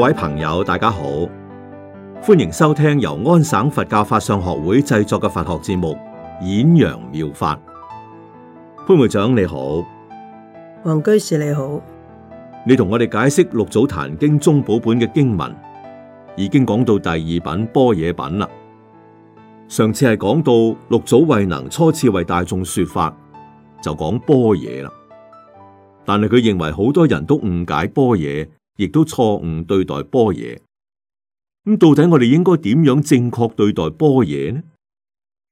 各位朋友，大家好，歡迎收聽由安省佛教法相學會製作嘅佛學節目《演揚妙法》。潘會長你好，黃居士你好，你同我哋解釋《六祖壇經》中寶本嘅經文，已經講到第二品般若品啦。上次係講到六祖慧能初次為大眾說法，就講般若啦。但係佢認為好多人都誤解般若。亦都錯誤對待般若，咁、嗯、到底我哋應該點樣正確對待般若呢？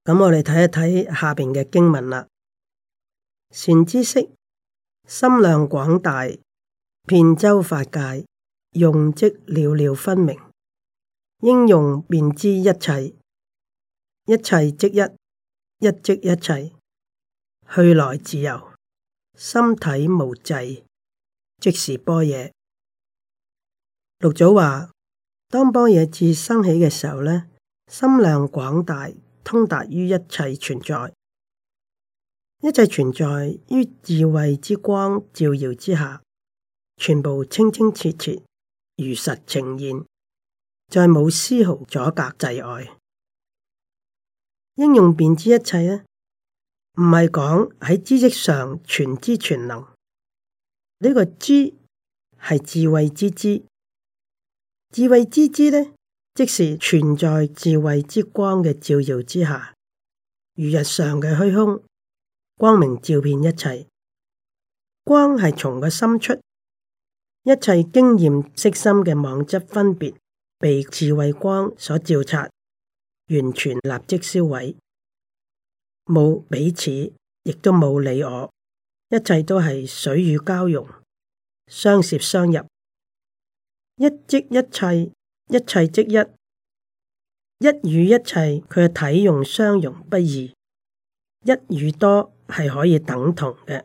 咁我哋睇一睇下邊嘅經文啦。善知識，心量廣大，遍周法界，用即了了分明，應用便知一切，一切即一，一即一切，去來自由，心體無際，即是般若。六祖話：當般若智生起嘅時候咧，心量廣大，通達於一切存在，一切存在於智慧之光照耀之下，全部清清澈澈，如實呈現，再冇絲毫阻隔障礙。應用便知一切啊！唔係講喺知識上全知全能，呢個知係智慧之知。智慧之知呢，即是存在智慧之光嘅照耀之下，如日常嘅虛空，光明照遍一切。光係從個心出，一切經驗色心嘅妄執分別，被智慧光所照察，完全立即銷毀，冇彼此，亦都冇你我，一切都係水乳交融，相攝相入。一即一切，一切即一；一與一切，佢嘅體用相融不二。一與多係可以等同嘅。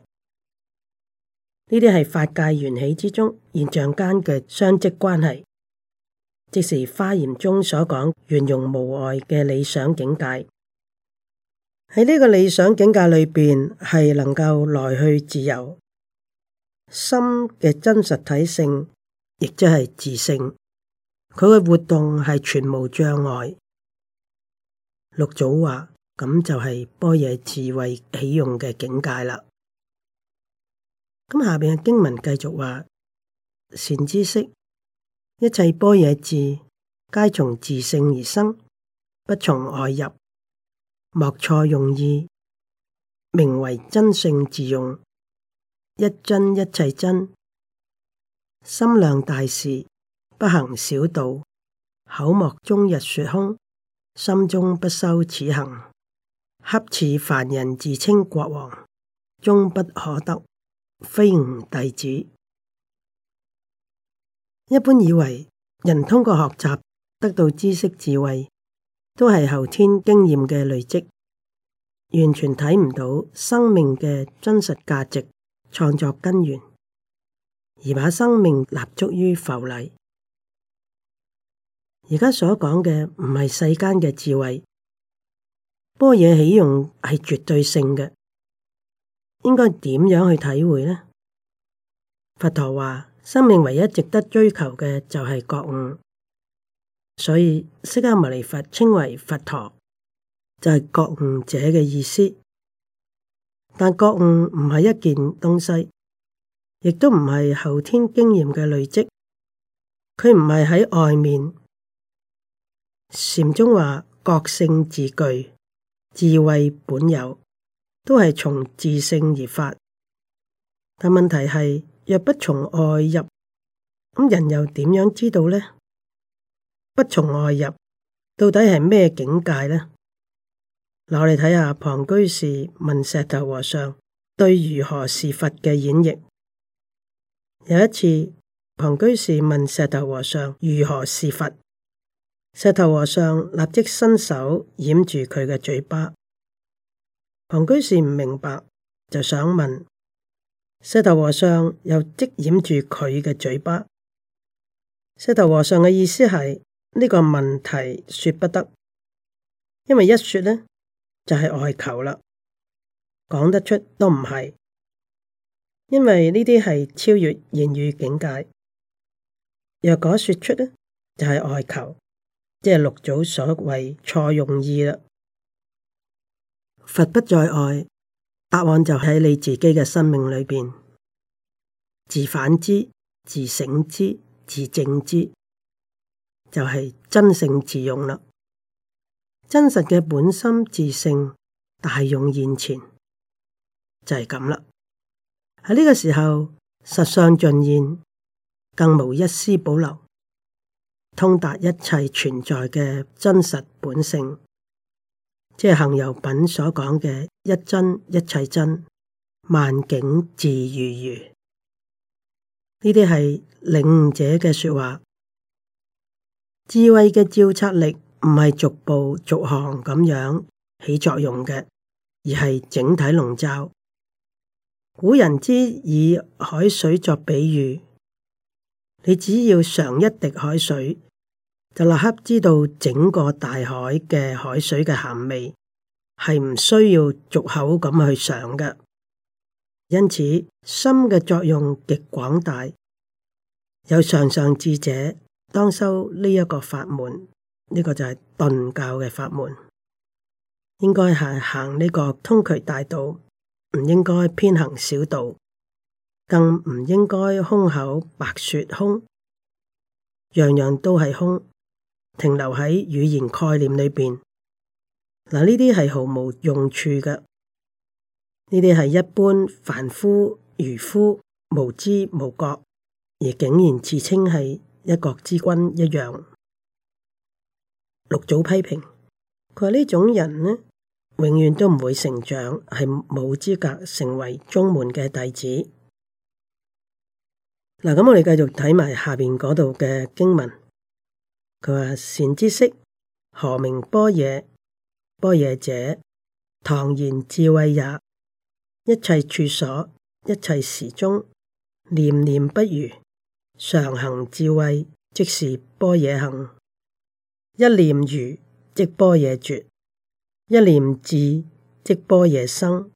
呢啲係法界緣起之中現象間嘅相即關係，即是華嚴中所講圓融無礙嘅理想境界。喺呢個理想境界裏邊，係能夠來去自由，心嘅真實體性。亦即係自性，佢嘅活動係全無障礙。六祖話：咁就係般若智慧起用嘅境界啦。咁下邊嘅經文繼續話：善知識，一切般若智皆從自性而生，不從外入，莫錯用意，名為真性自用。一真一切真。心量大事，不行小道；口莫終日說空，心中不修此行。恰似凡人自稱國王，終不可得，非吾弟子。一般以為人通過學習得到知識智慧，都係後天經驗嘅累積，完全睇唔到生命嘅真實價值、創作根源。而把生命立足於浮利，而家所講嘅唔係世間嘅智慧，般若起用係絕對性嘅，應該點樣去體會呢？佛陀話，生命唯一值得追求嘅就係覺悟，所以釋迦牟尼佛稱為佛陀，就係覺悟者嘅意思。但覺悟唔係一件東西。亦都唔係後天經驗嘅累積，佢唔係喺外面。禪宗話：覺性自具，智慧本有，都係從自性而發。但問題係，若不從外入，咁人又點樣知道呢？不從外入，到底係咩境界呢？嗱，我哋睇下龐居士問石頭和尚對如何是佛嘅演繹。有一次，龐居士問石頭和尚如何是佛，石頭和尚立即伸手掩住佢嘅嘴巴。龐居士唔明白，就想問石頭和尚，又即掩住佢嘅嘴巴。石頭和尚嘅意思係呢個問題說不得，因為一說呢，就係外求啦，講得出都唔係。因為呢啲係超越言語境界，若果說出咧，就係外求，即係六祖所謂錯用意啦。佛不在外，答案就喺你自己嘅生命裏邊，自反之，自醒之，自證之，就係真性自用啦。真實嘅本心自性，大用現前，就係咁啦。喺呢個時候，實相盡現，更無一絲保留，通達一切存在嘅真實本性，即係行由品所講嘅一真一切真，萬境自如如。呢啲係領悟者嘅說話，智慧嘅照察力唔係逐步逐行咁樣起作用嘅，而係整體籠罩。古人之以海水作比喻，你只要嘗一滴海水，就立刻知道整個大海嘅海水嘅鹹味，係唔需要逐口咁去嘗嘅。因此，心嘅作用極廣大，有上上智者當修呢一個法門，呢、這個就係頓教嘅法門，應該係行呢個通衢大道。唔應該偏行小道，更唔應該空口白說空，樣樣都係空，停留喺語言概念裏邊。嗱，呢啲係毫無用處嘅，呢啲係一般凡夫愚夫無知無覺，而竟然自稱係一國之君一樣。六祖批評佢話呢種人呢，永遠都唔會成長，係冇資格成為宗門嘅弟子。嗱，咁我哋繼續睇埋下邊嗰度嘅經文。佢話，善知識何名般若？般若者，唐言智慧也。一切處所，一切時中，念念不愚，常行智慧，即是般若行。一念愚，即般若絕。一念智即般若生，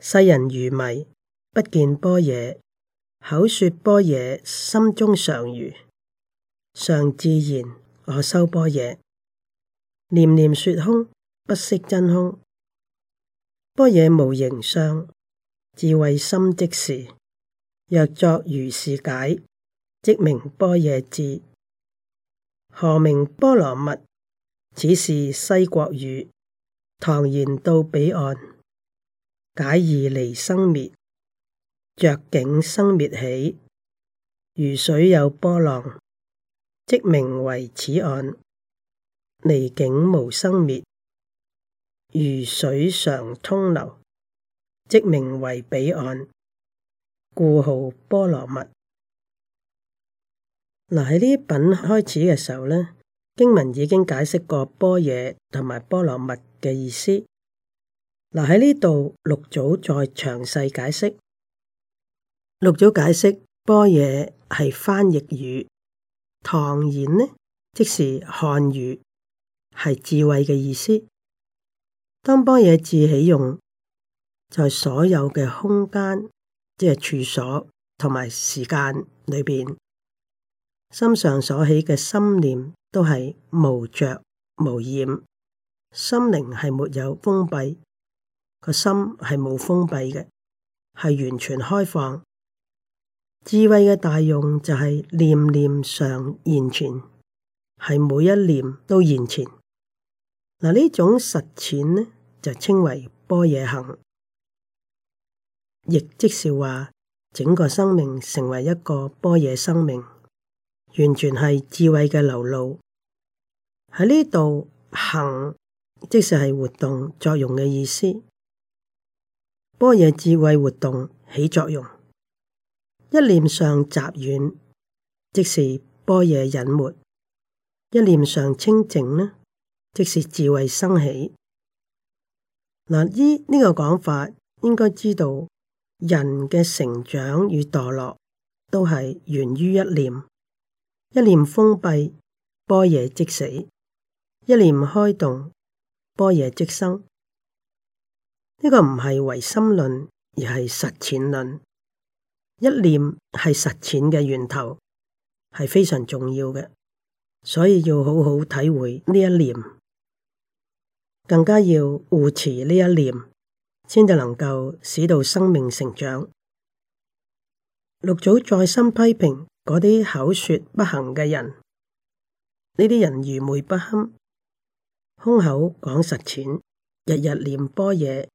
世人愚迷，不見般若。口說般若，心中常愚，常自言，我修般若。念念說空，不識真空。般若無形相，智慧心即是。若作如是解，即名般若智。何名波羅蜜？此是西國語。唐言到彼岸，解疑離生滅；着境生滅起，如水有波浪，即名為此岸；離境無生滅，如水常通流，即名為彼岸。故號波羅蜜。嗱，喺呢品開始嘅時候咧。經文已經解釋過般若同埋波羅蜜嘅意思。嗱喺呢度六祖再詳細解釋。六祖解釋般若係翻譯語，唐言呢即是漢語，係智慧嘅意思。當般若字起用，在、就是、所有嘅空間、即係處所同埋時間裏邊。心上所起嘅心念都係無着無染，心靈係沒有封閉，個心係冇封閉嘅，係完全開放。智慧嘅大用就係念念上完全，係每一念都完全。嗱，呢種實踐呢，就稱為般若行，亦即是話整個生命成為一個般若生命。完全係智慧嘅流露，喺呢度行，即是係活動作用嘅意思。般若智慧活動起作用，一念上雜染，即是般若隱沒；一念上清淨呢，即是智慧生起。嗱，依呢個講法，應該知道人嘅成長與墮落都係源於一念。一念封閉，般若即死；一念開動，般若即生。呢、這個唔係唯心論，而係實踐論。一念係實踐嘅源頭，係非常重要嘅，所以要好好體會呢一念，更加要護持呢一念，先至能夠使到生命成長。六祖再三批評。嗰啲口說不行嘅人，呢啲人愚昧不堪，空口講實踐，日日念般若，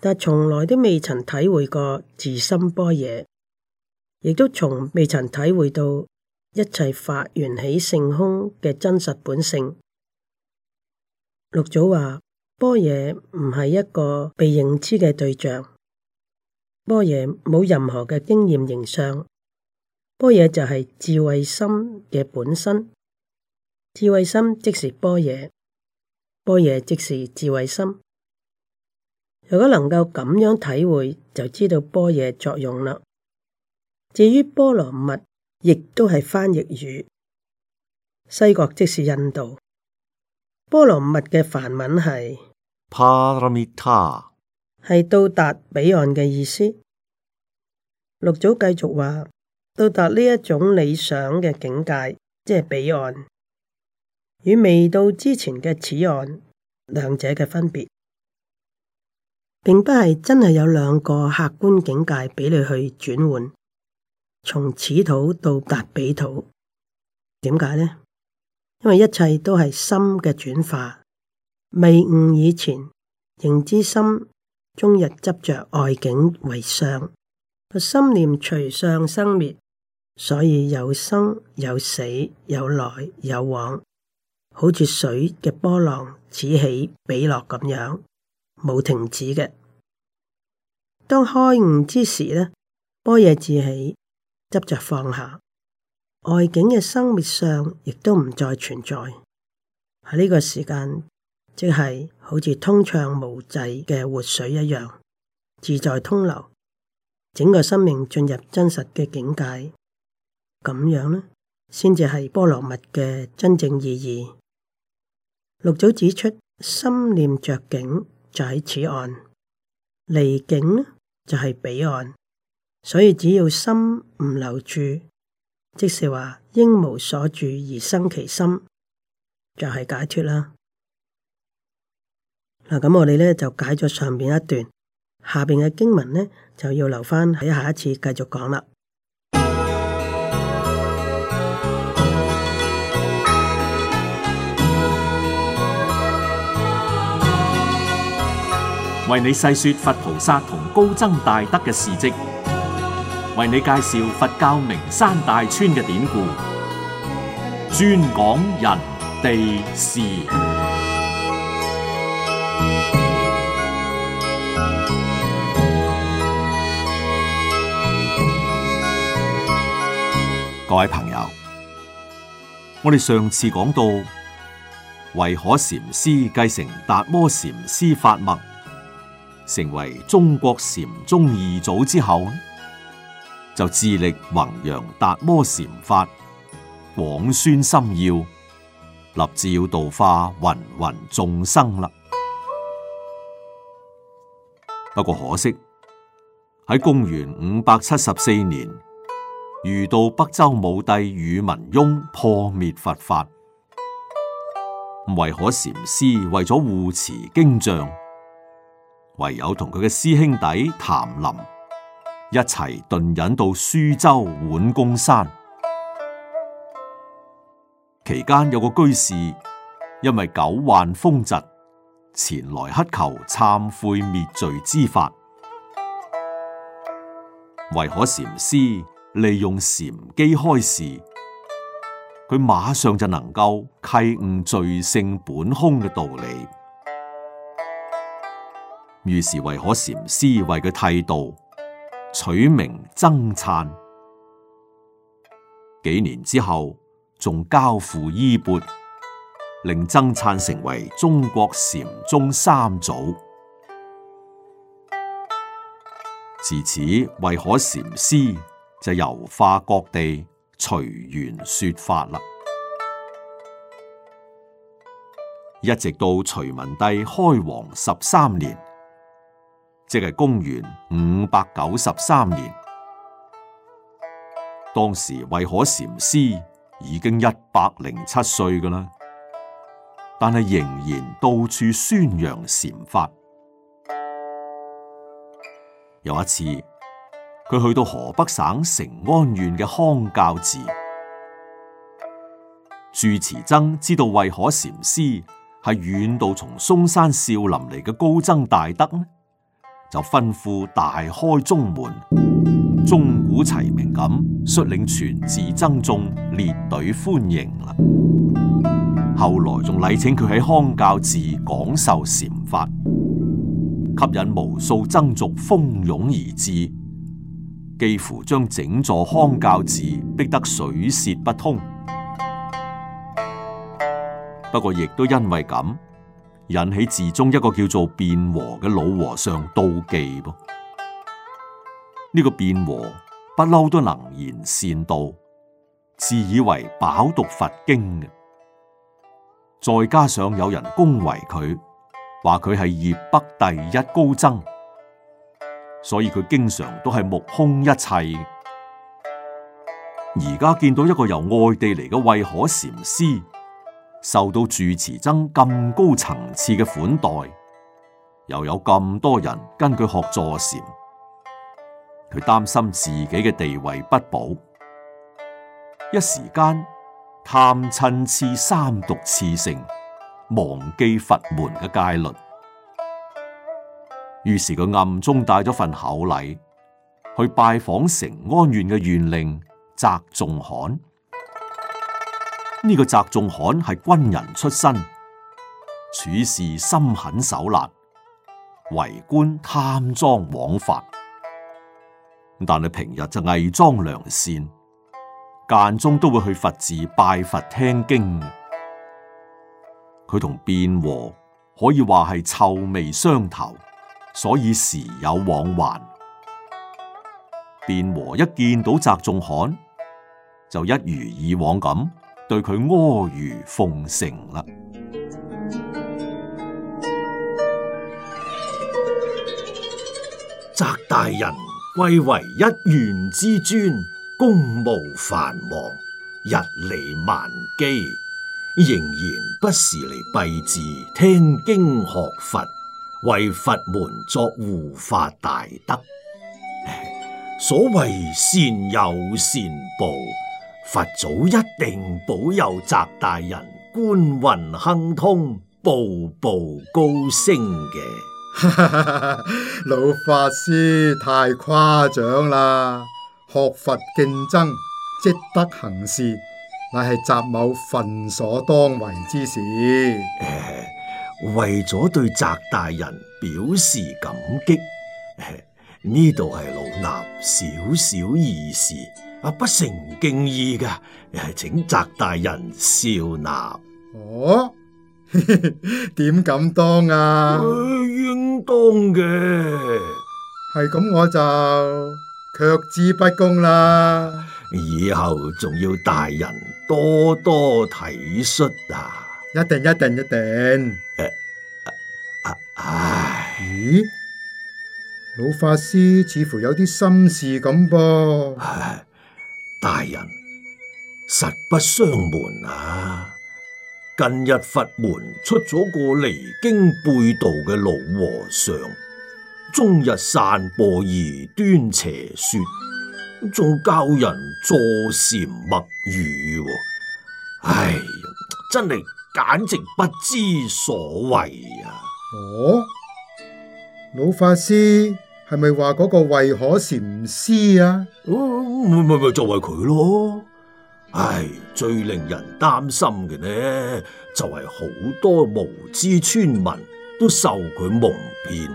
但從來都未曾體會過自心般若，亦都從未曾體會到一切法緣起性空嘅真實本性。六祖話：般若唔係一個被認知嘅對象，般若冇任何嘅經驗形象。般若就係智慧心嘅本身，智慧心即是般若，般若即是智慧心。如果能夠咁樣體會，就知道般若作用啦。至於波羅蜜，亦都係翻譯語。西國即是印度，波羅蜜嘅梵文係 Paramita，係到達彼岸嘅意思。六祖繼續話。到達呢一種理想嘅境界，即係彼岸，與未到之前嘅此岸，兩者嘅分別，並不係真係有兩個客觀境界俾你去轉換，從此土到達彼土。點解呢？因為一切都係心嘅轉化，未悟以前，認知心終日執着外境為相，心念隨相生滅。所以有生有死，有來有往，好似水嘅波浪此起彼落咁樣，冇停止嘅。當開悟之時呢，般若自起，執着放下，外境嘅生滅相亦都唔再存在。喺呢個時間，即係好似通暢無際嘅活水一樣自在通流，整個生命進入真實嘅境界。咁樣呢，先至係波羅蜜嘅真正意義。六祖指出，心念着境就喺此岸，離境就係彼岸。所以只要心唔留住，即是話應無所住而生其心，就係解脱啦。嗱，咁我哋咧就解咗上邊一段，下邊嘅經文咧就要留翻喺下一次繼續講啦。為你細說佛菩薩同高僧大德嘅事迹，為你介紹佛教名山大川嘅典故，專講人地事。各位朋友，我哋上次講到，慧可禪師繼承達摩禪師法脈。成為中國禪宗二祖之後，就致力弘揚達摩禪法、廣宣心要，立志要度化芸芸眾生啦。不過可惜喺公元五百七十四年，遇到北周武帝宇文邕破滅佛法，慧可禪師為咗護持經像。唯有同佢嘅師兄弟譚林一齊遁隱到舒州皖公山，期間有個居士，因為久患風疾，前來乞求懺悔滅罪之法。慧可禪師利用禪機開示，佢馬上就能夠契悟罪性本空嘅道理。於是慧可禪師為佢剃度，取名僧璨。幾年之後，仲交付衣鉢，令僧璨成為中國禪宗三祖。自此，慧可禪師就遊化各地，隨緣說法啦。一直到隋文帝開皇十三年。即係公元五百九十三年，當時慧可禪師已經一百零七歲㗎喇，但係仍然到處宣揚禪法。有一次，佢去到河北省成安縣嘅康教寺，住持僧知道慧可禪師係遠道從嵩山少林嚟嘅高僧大德就吩咐大開中門，鐘鼓齊鳴咁率領全寺僧眾列隊歡迎啦。後來仲禮請佢喺康教寺講授禪法，吸引無數僧俗蜂擁而至，幾乎將整座康教寺逼得水洩不通。不過亦都因為咁。引起寺中一個叫做辯和嘅老和尚妒忌噃。呢個辯和不嬲都能言善道，自以為飽讀佛經嘅，再加上有人恭維佢，話佢係粵北第一高僧，所以佢經常都係目空一切。而家見到一個由外地嚟嘅慧可禪師。受到住持僧咁高層次嘅款待，又有咁多人跟佢學坐禪，佢擔心自己嘅地位不保，一時間貪嗔痴三毒熾盛，忘記佛門嘅戒律，於是佢暗中帶咗份厚禮去拜訪承安縣嘅縣令責仲罕。呢個翟仲罕係軍人出身，處事心狠手辣，為官貪贓枉法。但係平日就偽裝良善，間中都會去佛寺拜佛聽經。佢同卞和可以話係臭味相投，所以時有往還。卞和一見到翟仲罕，就一如以往咁。對佢阿諛奉承啦，澤大人貴為一員之尊，公務繁忙，日理萬機，仍然不時嚟敝寺聽經學佛，為佛門作護法大德。所謂善有善報。佛祖一定保佑翟大人官運亨通，步步高升嘅。 老法師太誇張啦！學佛敬僧，積德行善，乃係翟某分所當為之事。誒、欸，為咗對翟大人表示感激，呢度係老衲小小意思，阿不成敬意噶，係請翟大人笑納。哦，點 敢當啊？應當嘅，係咁我就卻之不恭啦。以後仲要大人多多體恤啊一！一定一定一定。誒、呃啊、老法師似乎有啲心事咁噃。唉大人，實不相瞞啊，近日佛門出咗個離經背道嘅老和尚，終日散播異端邪說，仲教人坐禪默語啊，哎，真係簡直不知所謂啊！哦，老法師。係咪話嗰個慧可禪師啊？唔咪唔，就係、是、佢咯。唉，最令人擔心嘅呢，就係、是、好多無知村民都受佢蒙騙，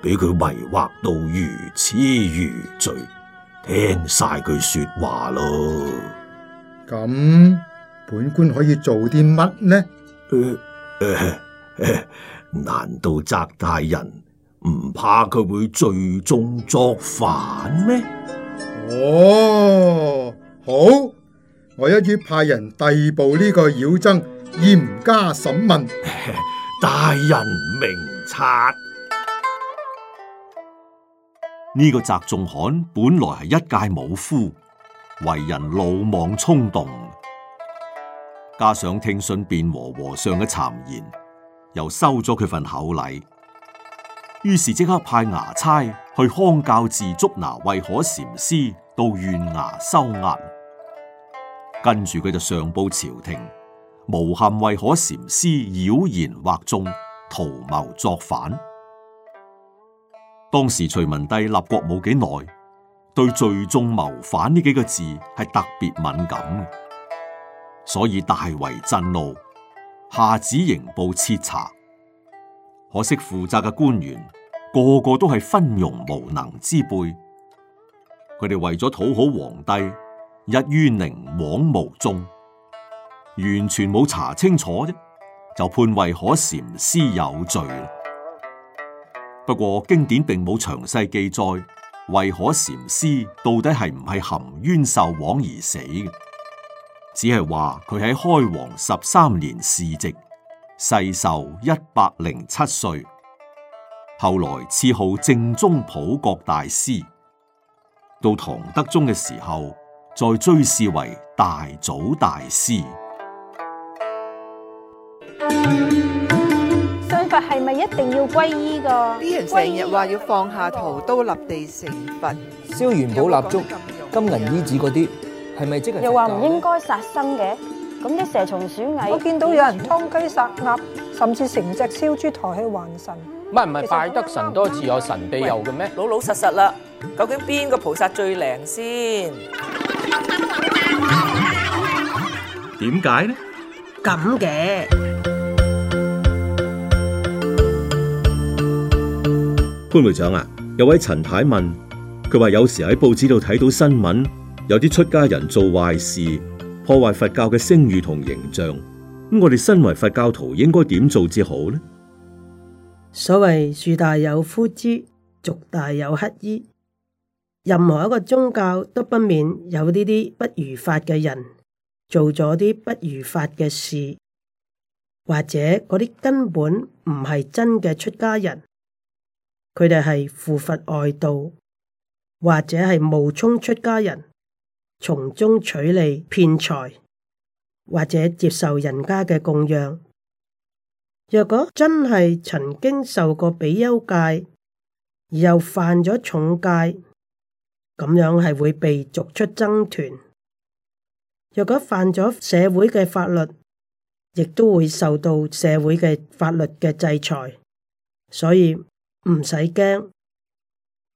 俾佢迷惑到如痴如醉，聽晒佢說話咯。咁、嗯、本官可以做啲乜呢？誒、呃呃呃，難道責大人？唔怕佢會最終作反咩？哦，好，我一於派人逮捕呢個妖僧，嚴加審問。 大人明察。呢個翟仲罕本來係一介武夫，為人魯莽衝動，加上聽信辯和和尚嘅讒言，又收咗佢份口禮。於是即刻派衙差去康教寺捉拿慧可禪師到縣衙收押，跟住佢就上報朝廷，誣陷慧可禪師妖言惑眾，圖謀作反。當時隋文帝立國冇幾耐，對“聚眾謀反”呢幾個字係特別敏感，所以大為震怒，下旨刑部徹查。可惜負責嘅官員個個都係昏庸無能之輩，佢哋為咗討好皇帝，一於寧枉毋縱，完全冇查清楚啫，就判慧可禪師有罪。不過經典並冇詳細記載慧可禪師到底係唔係含冤受枉而死嘅，只係話佢喺開皇十三年逝世。世壽一百零七歲，後來賜號正宗普國大師，到唐德宗嘅時候再追諡為大祖大師。信佛係咪一定要皈依噶？啲人成日話要放下屠刀立地成佛，燒元寶蠟燭、有有金銀衣子嗰啲，係咪即係？又話唔應該殺生嘅？咁啲蛇蟲鼠蟻，我見到有人劏雞殺鴨，甚至成隻燒豬抬起還神。唔係唔係，拜得神多自有神庇佑嘅咩？老老實實啦，究竟邊個菩薩最靈先？點解呢？咁嘅潘會長啊，有位陳太問，佢話有時喺報紙度睇到新聞，有啲出家人做壞事。破壞佛教嘅聲譽同形象，咁我哋身為佛教徒應該點做至好呢？所謂樹大有枯枝，族大有乞衣，任何一個宗教都不免有呢啲不如法嘅人，做咗啲不如法嘅事，或者嗰啲根本唔係真嘅出家人，佢哋係附佛外道，或者係冒充出家人。從中取利、騙財，或者接受人家嘅供養。若果真係曾經受過比丘戒，而又犯咗重戒，咁樣係會被逐出僧團。若果犯咗社會嘅法律，亦都會受到社會嘅法律嘅制裁。所以唔使驚，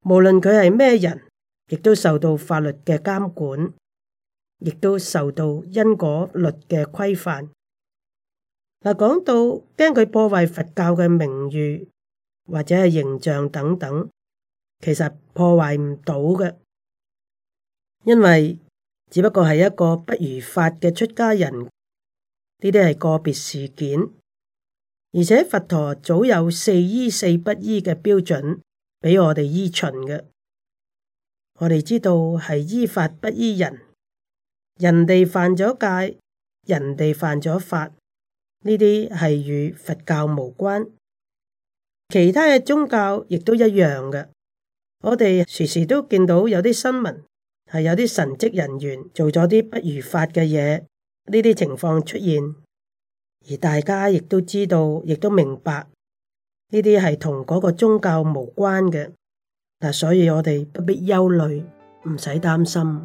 無論佢係咩人。亦都受到法律嘅監管，亦都受到因果律嘅規範。嗱，講到驚佢破壞佛教嘅名譽或者係形象等等，其實破壞唔到嘅，因為只不過係一個不如法嘅出家人，呢啲係個別事件，而且佛陀早有四依四不依嘅標準俾我哋依循嘅。我哋知道係依法不依人，人哋犯咗戒，人哋犯咗法，呢啲係與佛教無關，其他嘅宗教亦都一樣嘅。我哋時時都見到有啲新聞係有啲神職人員做咗啲不如法嘅嘢，呢啲情況出現，而大家亦都知道，亦都明白呢啲係同嗰個宗教無關嘅。所以我哋不必憂慮，唔使擔心。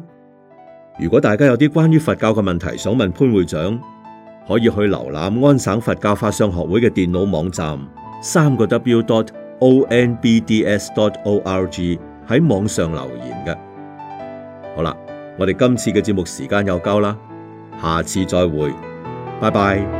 如果大家有啲關於佛教嘅問題想問潘會長，可以去瀏覽安省佛教法商學會嘅電腦網站，三個 W dot O N B D S dot O R G 喺網上留言嘅。好啦，我哋今次嘅節目時間又夠啦，下次再會，拜拜。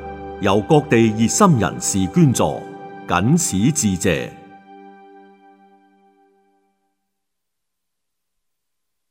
由各地熱心人士捐助，謹此致謝。